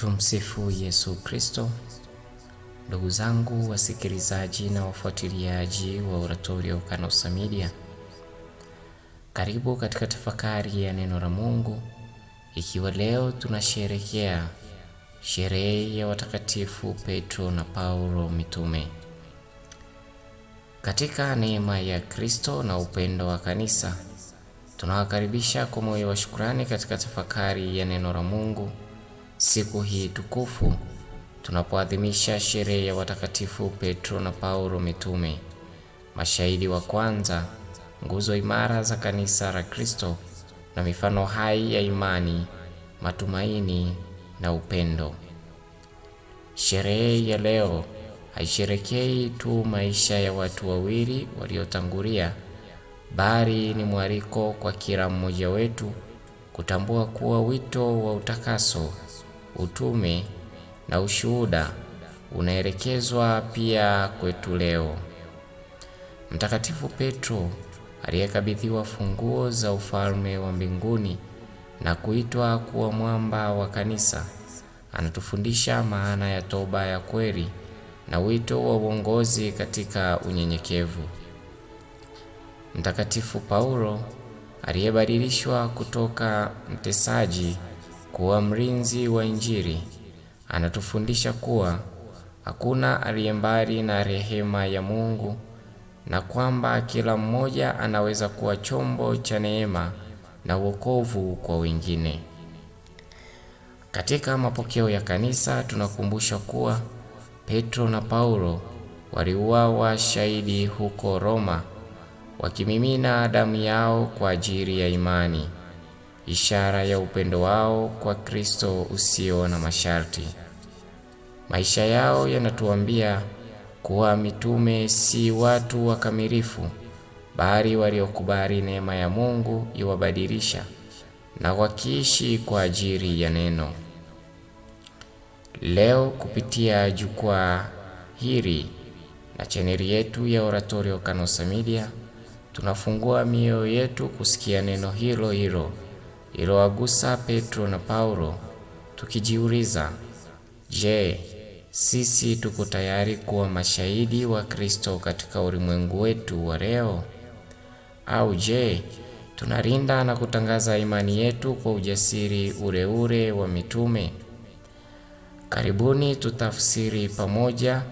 Tumsifu Yesu Kristo. Ndugu zangu wasikilizaji na wafuatiliaji wa Oratorio Kanosa Media, karibu katika tafakari ya neno la Mungu, ikiwa leo tunasherehekea sherehe ya watakatifu Petro na Paulo mitume. Katika neema ya Kristo na upendo wa kanisa, tunawakaribisha kwa moyo wa shukrani katika tafakari ya neno la Mungu siku hii tukufu tunapoadhimisha sherehe ya watakatifu Petro na Paulo mitume, mashahidi wa kwanza, nguzo imara za kanisa la Kristo na mifano hai ya imani, matumaini na upendo. Sherehe ya leo haisherekei tu maisha ya watu wawili waliotangulia, bali ni mwaliko kwa kila mmoja wetu kutambua kuwa wito wa utakaso utume na ushuhuda unaelekezwa pia kwetu leo. Mtakatifu Petro aliyekabidhiwa funguo za ufalme wa mbinguni na kuitwa kuwa mwamba wa kanisa anatufundisha maana ya toba ya kweli na wito wa uongozi katika unyenyekevu. Mtakatifu Paulo aliyebadilishwa kutoka mtesaji kuwa mrinzi wa Injili anatufundisha kuwa hakuna aliye mbali na rehema ya Mungu na kwamba kila mmoja anaweza kuwa chombo cha neema na wokovu kwa wengine. Katika mapokeo ya kanisa tunakumbusha kuwa Petro na Paulo waliuawa shahidi huko Roma wakimimina damu yao kwa ajili ya imani ishara ya upendo wao kwa Kristo usio na masharti. Maisha yao yanatuambia kuwa mitume si watu wakamilifu, bali waliokubali neema ya Mungu iwabadilisha na wakiishi kwa ajili ya neno. Leo kupitia jukwaa hili na chaneli yetu ya Oratorio Kanosa Media tunafungua mioyo yetu kusikia neno hilo hilo iliyowagusa Petro na Paulo, tukijiuliza, je, sisi tuko tayari kuwa mashahidi wa Kristo katika ulimwengu wetu wa leo? Au je, tunarinda na kutangaza imani yetu kwa ujasiri ule ule wa mitume? Karibuni tutafsiri pamoja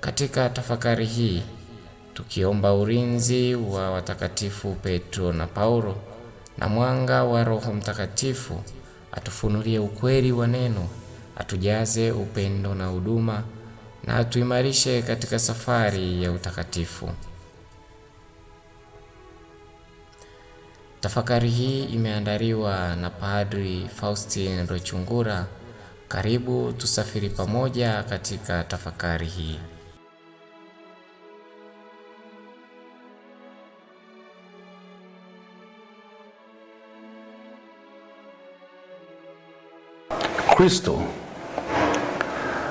katika tafakari hii tukiomba ulinzi wa watakatifu Petro na Paulo na mwanga wa Roho Mtakatifu atufunulie ukweli wa neno, atujaze upendo na huduma, na atuimarishe katika safari ya utakatifu. Tafakari hii imeandaliwa na Padri Faustin Rochungura. Karibu tusafiri pamoja katika tafakari hii. Kristo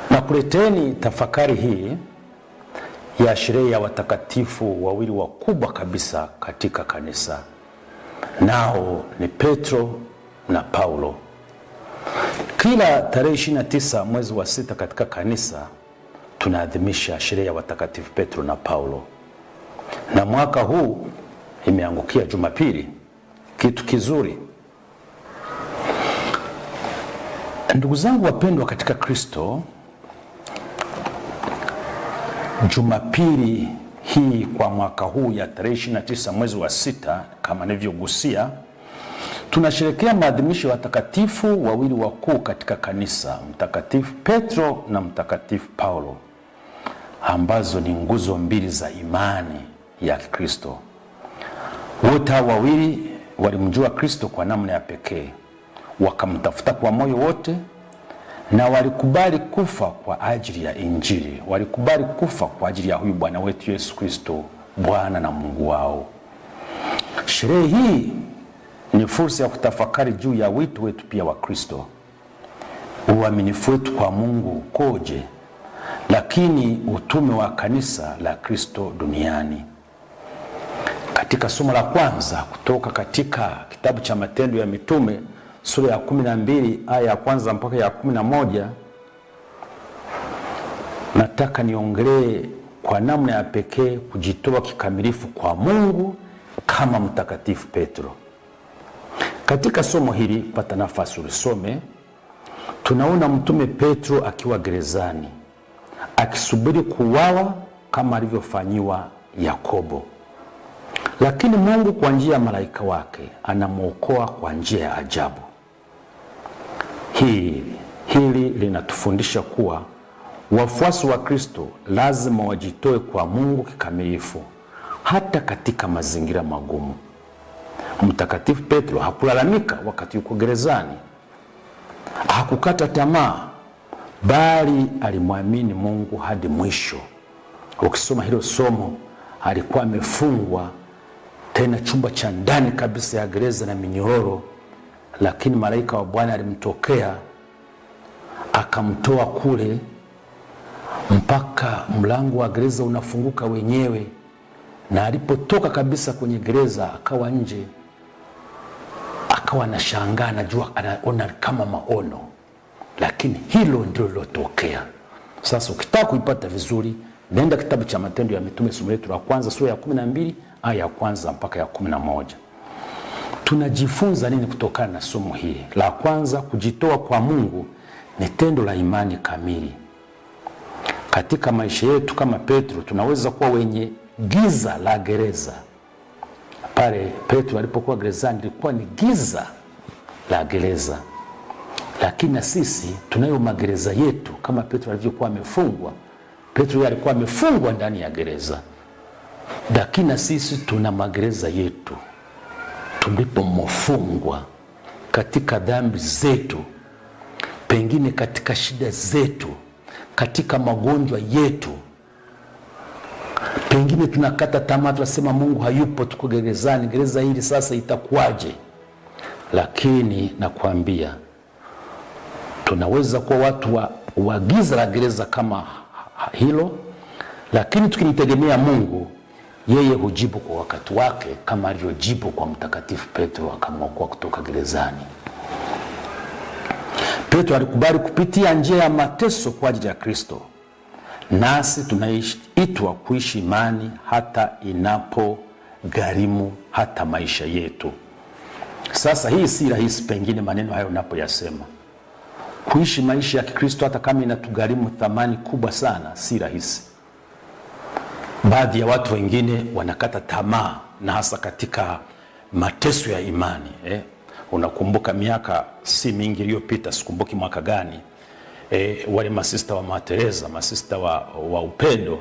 na kuleteni tafakari hii ya sherehe ya watakatifu wawili wakubwa kabisa katika kanisa, nao ni Petro na Paulo. Kila tarehe 29 mwezi wa sita katika kanisa tunaadhimisha sherehe ya watakatifu Petro na Paulo, na mwaka huu imeangukia Jumapili, kitu kizuri Ndugu zangu wapendwa katika Kristo, Jumapili hii kwa mwaka huu ya tarehe 29 mwezi wa sita, kama nilivyogusia, tunasherekea maadhimisho ya watakatifu wawili wakuu katika kanisa, Mtakatifu Petro na Mtakatifu Paulo, ambazo ni nguzo mbili za imani ya kristo Wote hao wawili walimjua Kristo kwa namna ya pekee wakamtafuta kwa moyo wote na walikubali kufa kwa ajili ya Injili, walikubali kufa kwa ajili ya huyu Bwana wetu Yesu Kristo, Bwana na Mungu wao. Sherehe hii ni fursa ya kutafakari juu ya wito wetu pia wa Kristo, uaminifu wetu kwa Mungu ukoje, lakini utume wa kanisa la Kristo duniani. Katika somo la kwanza kutoka katika kitabu cha Matendo ya Mitume sura ya mbili aya ya kwanza mpaka ya moja nataka niongelee kwa namna ya pekee kujitoa kikamilifu kwa Mungu kama Mtakatifu Petro. Katika somo hili, pata nafasi ulisome, tunaona Mtume Petro akiwa gerezani akisubiri kuuawa kama alivyofanyiwa Yakobo, lakini Mungu kwa njia ya malaika wake anamwokoa kwa njia ya ajabu hii hili linatufundisha kuwa wafuasi wa Kristo lazima wajitoe kwa Mungu kikamilifu hata katika mazingira magumu. Mtakatifu Petro hakulalamika wakati yuko gerezani, hakukata tamaa, bali alimwamini Mungu hadi mwisho. Ukisoma hilo somo, alikuwa amefungwa tena chumba cha ndani kabisa ya gereza na minyororo lakini malaika wa Bwana alimtokea akamtoa kule mpaka mlango wa gereza unafunguka wenyewe, na alipotoka kabisa kwenye gereza akawa nje, akawa anashangaa, anajua anaona kama maono, lakini hilo ndilo lilotokea. Sasa ukitaka kuipata vizuri, nenda kitabu cha Matendo ya Mitume, somo letu la kwanza, sura ya 12 aya ya kwanza mpaka ya 11. Tunajifunza nini kutokana na somo hili? La kwanza, kujitoa kwa Mungu ni tendo la imani kamili. Katika maisha yetu kama Petro, tunaweza kuwa wenye giza la gereza. Pale Petro alipokuwa gerezani, ilikuwa ni giza la gereza, lakini na sisi tunayo magereza yetu, kama Petro alivyokuwa amefungwa. Petro alikuwa amefungwa ndani ya gereza, lakini na sisi tuna magereza yetu tulipomofungwa katika dhambi zetu, pengine katika shida zetu, katika magonjwa yetu, pengine tunakata tamaa, tunasema Mungu hayupo, tuko gerezani, gereza hili sasa itakuwaje? Lakini nakwambia tunaweza kuwa watu wa, wa giza la gereza kama hilo, lakini tukimtegemea Mungu yeye hujibu kwa wakati wake kama alivyojibu kwa mtakatifu Petro akamwokoa kutoka gerezani. Petro alikubali kupitia njia ya mateso kwa ajili ya Kristo. Nasi tunaitwa kuishi imani hata inapo garimu hata maisha yetu. Sasa hii si rahisi, pengine maneno hayo unapoyasema, kuishi maisha ya Kikristo hata kama inatugharimu thamani kubwa sana, si rahisi baadhi ya watu wengine wanakata tamaa na hasa katika mateso ya imani eh. Unakumbuka miaka si mingi iliyopita, sikumbuki mwaka gani eh, wale masista wa Matereza, masista wa, wa upendo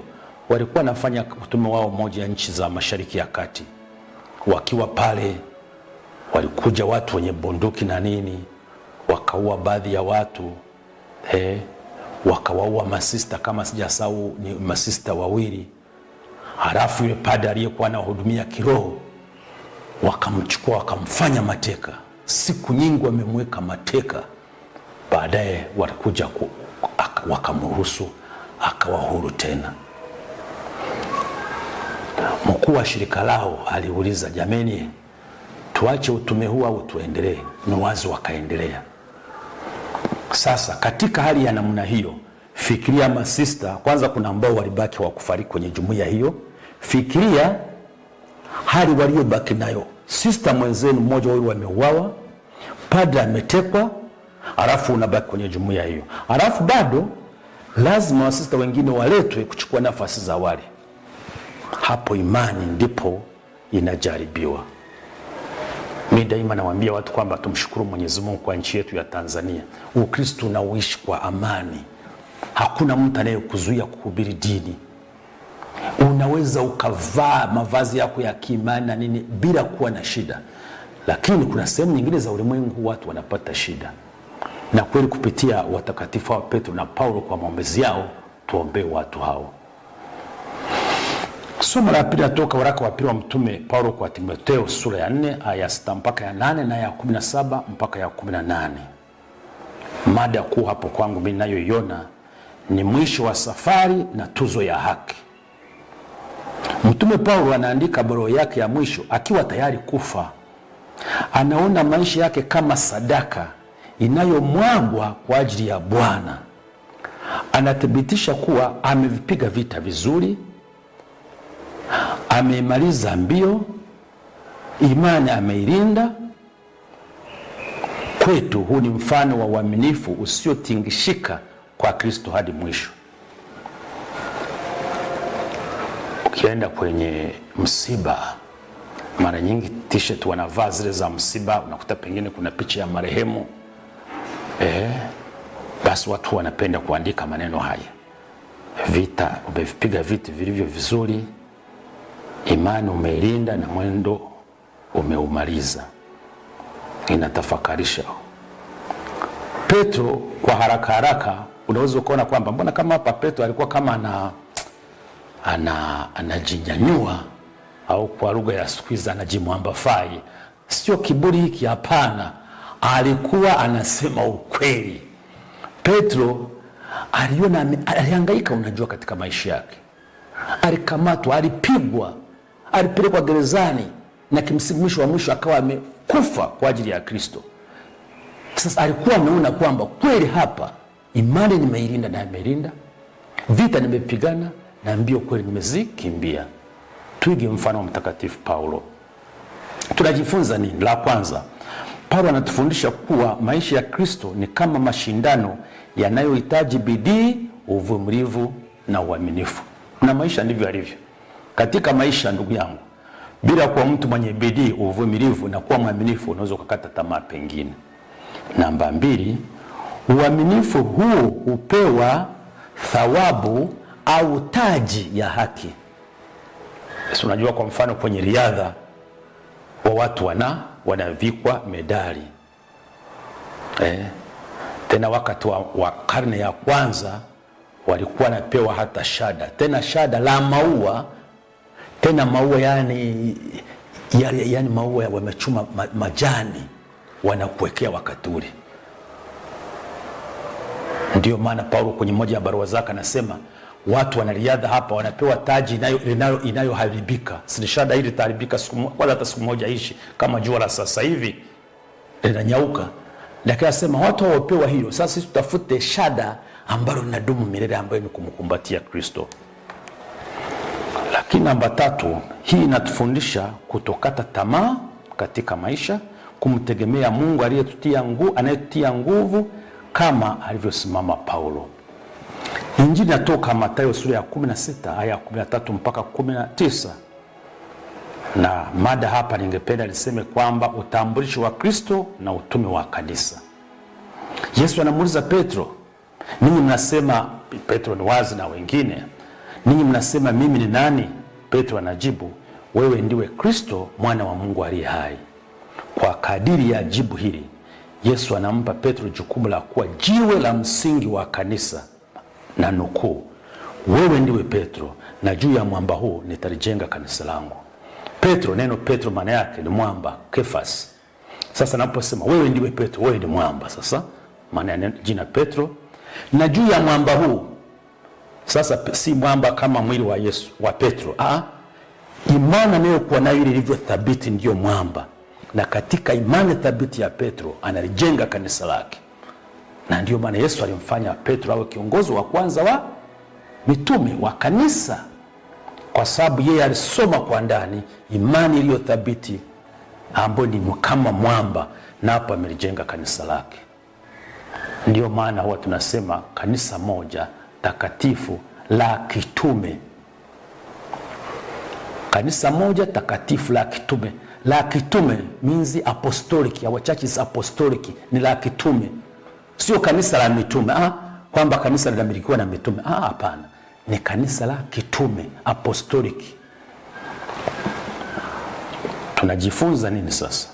walikuwa wanafanya utume wao moja ya nchi za Mashariki ya Kati. Wakiwa pale walikuja watu wenye bunduki na nini, wakaua baadhi ya watu eh, wakawaua masista kama sijasahau ni masista wawili halafu yule padre aliyekuwa anahudumia kiroho wakamchukua wakamfanya mateka. Siku nyingi wamemweka mateka, baadaye walikuja wakamruhusu akawa huru tena. Mkuu wa shirika lao aliuliza, jameni, tuache utume huu au tuendelee? Ni wazi wakaendelea. Sasa katika hali ya namna hiyo Fikiria masista kwanza, kuna ambao walibaki wakufariki kwenye jumuiya hiyo. Fikiria hali waliobaki nayo. Sista mwenzenu mmoja wao wameuawa, padre ametekwa, alafu unabaki kwenye jumuiya hiyo, alafu bado lazima wasista wengine waletwe kuchukua nafasi za wale. Hapo imani ndipo inajaribiwa. Mi daima nawaambia watu kwamba tumshukuru Mwenyezi Mungu kwa nchi yetu ya Tanzania. Ukristo unauishi kwa amani. Hakuna mtu anayekuzuia kuhubiri dini. Unaweza ukavaa mavazi yako ya kiimani na nini bila kuwa na shida, lakini kuna sehemu nyingine za ulimwengu watu wanapata shida. Na kweli kupitia watakatifu wa Petro na Paulo kwa maombezi yao tuombee watu hao. Somo la pili natoka waraka wa pili wa mtume Paulo kwa Timotheo sura ya 4 aya ya 6 mpaka ya 8 na ya 17 mpaka ya 18. Mada kuu hapo kwangu mimi nayoiona ni mwisho wa safari na tuzo ya haki. Mtume Paulo anaandika barua yake ya mwisho akiwa tayari kufa. Anaona maisha yake kama sadaka inayomwagwa kwa ajili ya Bwana. Anathibitisha kuwa amevipiga vita vizuri, ameimaliza mbio, imani ameilinda. Kwetu huu ni mfano wa uaminifu usiotingishika kwa Kristo hadi mwisho. Ukienda kwenye msiba, mara nyingi t-shirt wanavaa zile za msiba, unakuta pengine kuna picha ya marehemu eh, basi watu wanapenda kuandika maneno haya: vita umevipiga viti vilivyo vizuri, imani umeilinda na mwendo umeumaliza. Inatafakarisha Petro kwa haraka haraka unaweza ukaona kwamba mbona kama hapa Petro alikuwa kama ana ana anajinyanyua au kwa lugha ya siku hizi anajimwambafai. Sio kiburi hiki, hapana, alikuwa anasema ukweli. Petro aliona, alihangaika, unajua, katika maisha yake alikamatwa, alipigwa, alipelekwa gerezani na kimsingi mwisho wa mwisho akawa amekufa kwa ajili ya Kristo. Sasa alikuwa ameona kwamba kweli hapa Imani nimeilinda na nimeilinda, vita nimepigana na mbio kweli nimezikimbia. Tuige mfano wa Mtakatifu Paulo. Tunajifunza nini? La kwanza, Paulo anatufundisha kuwa maisha ya Kristo ni kama mashindano yanayohitaji bidii, uvumilivu na uaminifu, na maisha ndivyo alivyo katika maisha. Ndugu yangu, bila kuwa mtu mwenye bidii, uvumilivu na kuwa mwaminifu, unaweza ukakata tamaa pengine. Namba mbili Uaminifu huu hupewa thawabu au taji ya haki. Si unajua, kwa mfano kwenye riadha wa watu wana wanavikwa medali eh. Tena wakati wa, wa karne ya kwanza walikuwa wanapewa hata shada, tena shada la maua, tena maua yani, yani yaani maua wamechuma majani wanakuwekea wakati ule. Ndio maana Paulo kwenye moja ya barua zake anasema watu wanariadha hapa wanapewa taji inayo inayoharibika, silishada hili moja, wala hata siku moja ishi, kama jua la sasa hivi linanyauka, lakini anasema watu waopewa hiyo. Sasa sisi tutafute shada ambalo linadumu milele, ambayo ni kumkumbatia Kristo. Lakini namba tatu, hii inatufundisha kutokata tamaa katika maisha, kumtegemea Mungu aliyetutia nguvu, anayetutia nguvu kama alivyosimama Paulo. Injili natoka Mathayo sura ya 16 aya ya 13 mpaka 19, na mada hapa ningependa niseme kwamba utambulisho wa Kristo na utume wa kanisa. Yesu anamuuliza Petro, ninyi mnasema Petro ni wazi na wengine, ninyi mnasema mimi ni nani? Petro anajibu, wewe ndiwe Kristo mwana wa Mungu aliye hai. Kwa kadiri ya jibu hili Yesu anampa Petro jukumu la kuwa jiwe la msingi wa kanisa, na nukuu, wewe ndiwe Petro na juu ya mwamba huu nitalijenga kanisa langu. Petro, neno Petro maana yake ni mwamba, Kefas. Sasa naposema wewe ndiwe Petro, wewe ni mwamba. Sasa maana ya jina Petro, na juu ya mwamba huu sasa si mwamba kama mwili wa Yesu wa Petro. Ah, imani anayokuwa nayo ile ilivyo thabiti ndiyo mwamba na katika imani thabiti ya Petro analijenga kanisa lake, na ndiyo maana Yesu alimfanya Petro awe kiongozi wa kwanza wa mitume wa kanisa, kwa sababu yeye alisoma kwa ndani imani iliyo thabiti ambayo ni kama mwamba, na hapo amelijenga kanisa lake. Ndiyo maana huwa tunasema kanisa moja takatifu la kitume, kanisa moja takatifu la kitume la kitume means apostolic, our church is apostolic, ni la kitume, sio kanisa la mitume ah, kwamba kanisa linamilikiwa na mitume ah, hapana, ni kanisa la kitume apostolic. Tunajifunza nini sasa?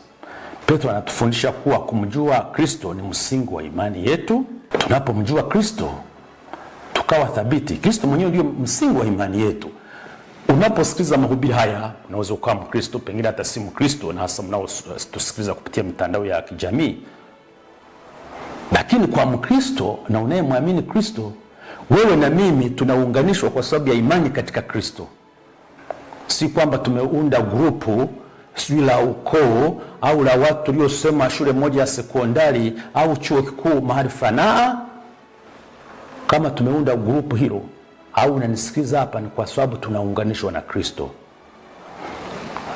Petro anatufundisha kuwa kumjua Kristo ni msingi wa imani yetu. Tunapomjua Kristo tukawa thabiti, Kristo mwenyewe ndio msingi wa imani yetu. Unaposikiliza mahubiri haya, unaweza ukawa Mkristo, pengine hata si Mkristo, na hasa mnaotusikiliza kupitia mitandao ya kijamii. Lakini kwa Mkristo na unayemwamini Kristo, wewe na mimi tunaunganishwa kwa sababu ya imani katika Kristo, si kwamba tumeunda grupu sijui la ukoo au la watu tuliosema shule moja ya sekondari au chuo kikuu mahali fanaa, kama tumeunda grupu hilo au unanisikiza hapa, ni kwa sababu tunaunganishwa na Kristo,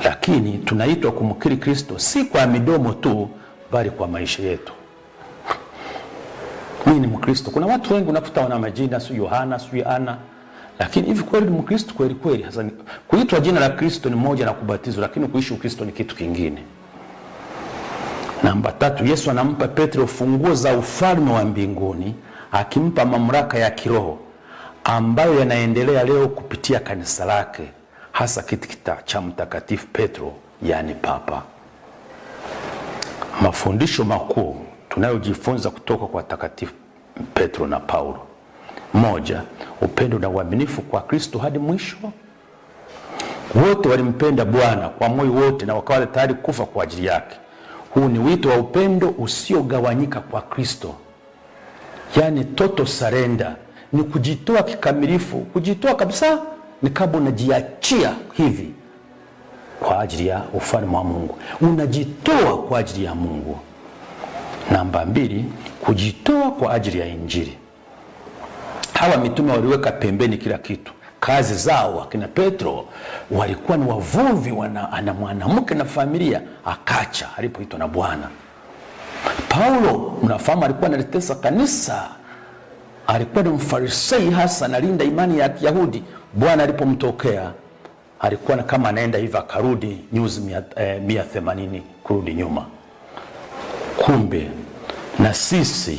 lakini tunaitwa kumkiri Kristo si kwa midomo tu, bali kwa maisha yetu. Mimi ni Mkristo. Kuna watu wengi unakuta wana majina, si Yohana, si Ana, lakini hivi kweli ni Mkristo kweli kweli? Hasa kuitwa jina la Kristo ni moja na kubatizwa, lakini kuishi Ukristo ni kitu kingine. Namba tatu, Yesu anampa Petro funguo za ufalme wa mbinguni, akimpa mamlaka ya kiroho ambayo yanaendelea leo kupitia kanisa lake hasa kitikita cha Mtakatifu Petro, yaani Papa. Mafundisho makuu tunayojifunza kutoka kwa takatifu Petro na Paulo: moja, upendo na uaminifu kwa Kristo hadi mwisho. Wote walimpenda Bwana kwa moyo wote na wakawa tayari kufa kwa ajili yake. Huu ni wito wa upendo usiogawanyika kwa Kristo, yaani total surrender ni kujitoa kikamilifu. Kujitoa kabisa ni kama unajiachia hivi kwa ajili ya ufalme wa Mungu, unajitoa kwa ajili ya Mungu. Namba mbili, kujitoa kwa ajili ya Injili. Hawa mitume waliweka pembeni kila kitu, kazi zao. Akina Petro walikuwa ni wavuvi, ana mwanamke na familia, akacha alipoitwa na Bwana. Paulo mnafahamu, alikuwa analitesa kanisa alikuwa ni mfarisai hasa, nalinda imani ya Kiyahudi. Bwana alipomtokea alikuwa kama anaenda hivi, akarudi nyuzi eh, mia themanini kurudi nyuma. Kumbe na sisi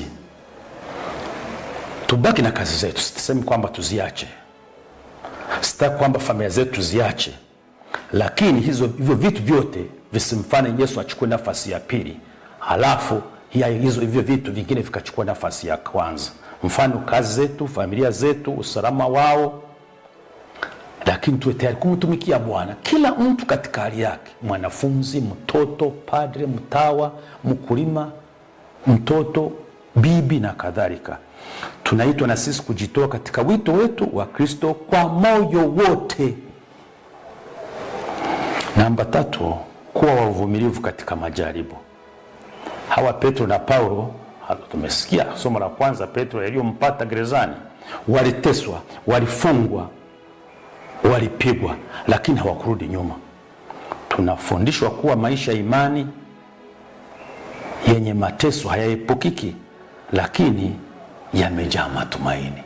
tubaki na kazi zetu, sisemi kwamba tuziache, sitaki kwamba familia zetu tuziache, lakini hizo hivyo vitu vyote visimfanye Yesu achukue nafasi ya pili, halafu hivyo vitu vingine vikachukua nafasi ya kwanza mfano kazi zetu, familia zetu, usalama wao, lakini tuwe tayari kumtumikia Bwana, kila mtu katika hali yake, mwanafunzi, mtoto, padre, mtawa, mkulima, mtoto, bibi na kadhalika. Tunaitwa na sisi kujitoa katika wito wetu wa Kristo kwa moyo wote. Namba tatu, kuwa wavumilivu katika majaribu. Hawa Petro na Paulo Tumesikia somo la kwanza, Petro, yaliyompata gerezani. Waliteswa, walifungwa, walipigwa, lakini hawakurudi nyuma. Tunafundishwa kuwa maisha ya imani yenye mateso hayaepukiki, lakini yamejaa matumaini.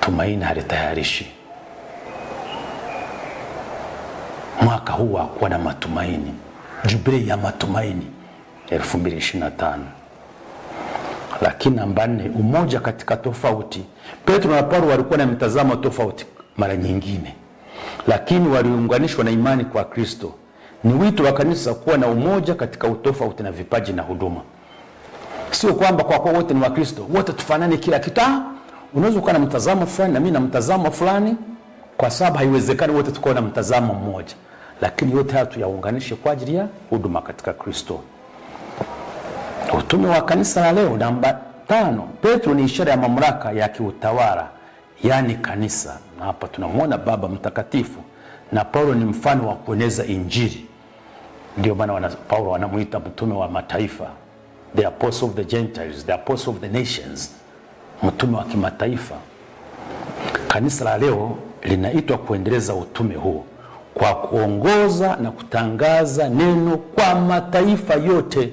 Tumaini halitayarishi. Mwaka huu hakuwa na matumaini, jubilei ya matumaini 2025 lakini namba nne, umoja katika tofauti. Petro na Paulo walikuwa na mitazamo tofauti mara nyingine, lakini waliunganishwa na imani kwa Kristo. Ni wito wa kanisa kuwa na umoja katika utofauti na vipaji na huduma. Sio kwamba kwa kuwa wote ni Wakristo wote tufanane kila kitu. Ah, unaweza ukawa na mtazamo fulani na mimi na mtazamo fulani, kwa sababu haiwezekani wote tukawa na mtazamo mmoja, lakini yote haya tuyaunganishe kwa ajili ya huduma katika Kristo utume wa kanisa la leo, namba tano, Petro ni ishara ya mamlaka ya kiutawala yaani kanisa, na hapa tunamwona Baba Mtakatifu, na Paulo ni mfano wa kueneza Injili. Ndio maana Paulo wanamuita mtume wa mataifa, the apostle of the Gentiles, the apostle of the nations, mtume wa kimataifa. Kanisa la leo linaitwa kuendeleza utume huo kwa kuongoza na kutangaza neno kwa mataifa yote.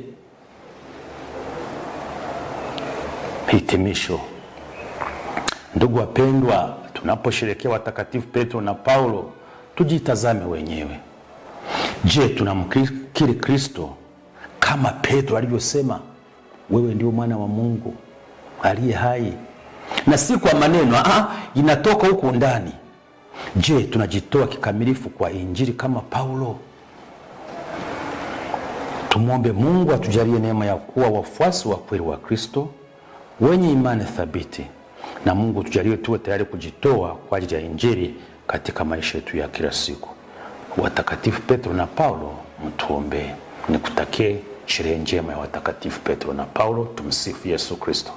Hitimisho. Ndugu wapendwa, tunaposherekea watakatifu Petro na Paulo, tujitazame wenyewe. Je, tunamkiri Kristo kama Petro alivyosema, wewe ndio mwana wa Mungu aliye hai, na si kwa maneno ah, ah inatoka huku ndani. Je, tunajitoa kikamilifu kwa injili kama Paulo? Tumwombe Mungu atujalie neema ya kuwa wafuasi wa kweli wa Kristo wenye imani thabiti, na Mungu tujalie tuwe tayari kujitoa kwa ajili ya Injili katika maisha yetu ya kila siku. Watakatifu Petro na Paulo, mtuombee. Nikutakie sherehe njema ya Watakatifu Petro na Paulo. Tumsifu Yesu Kristo.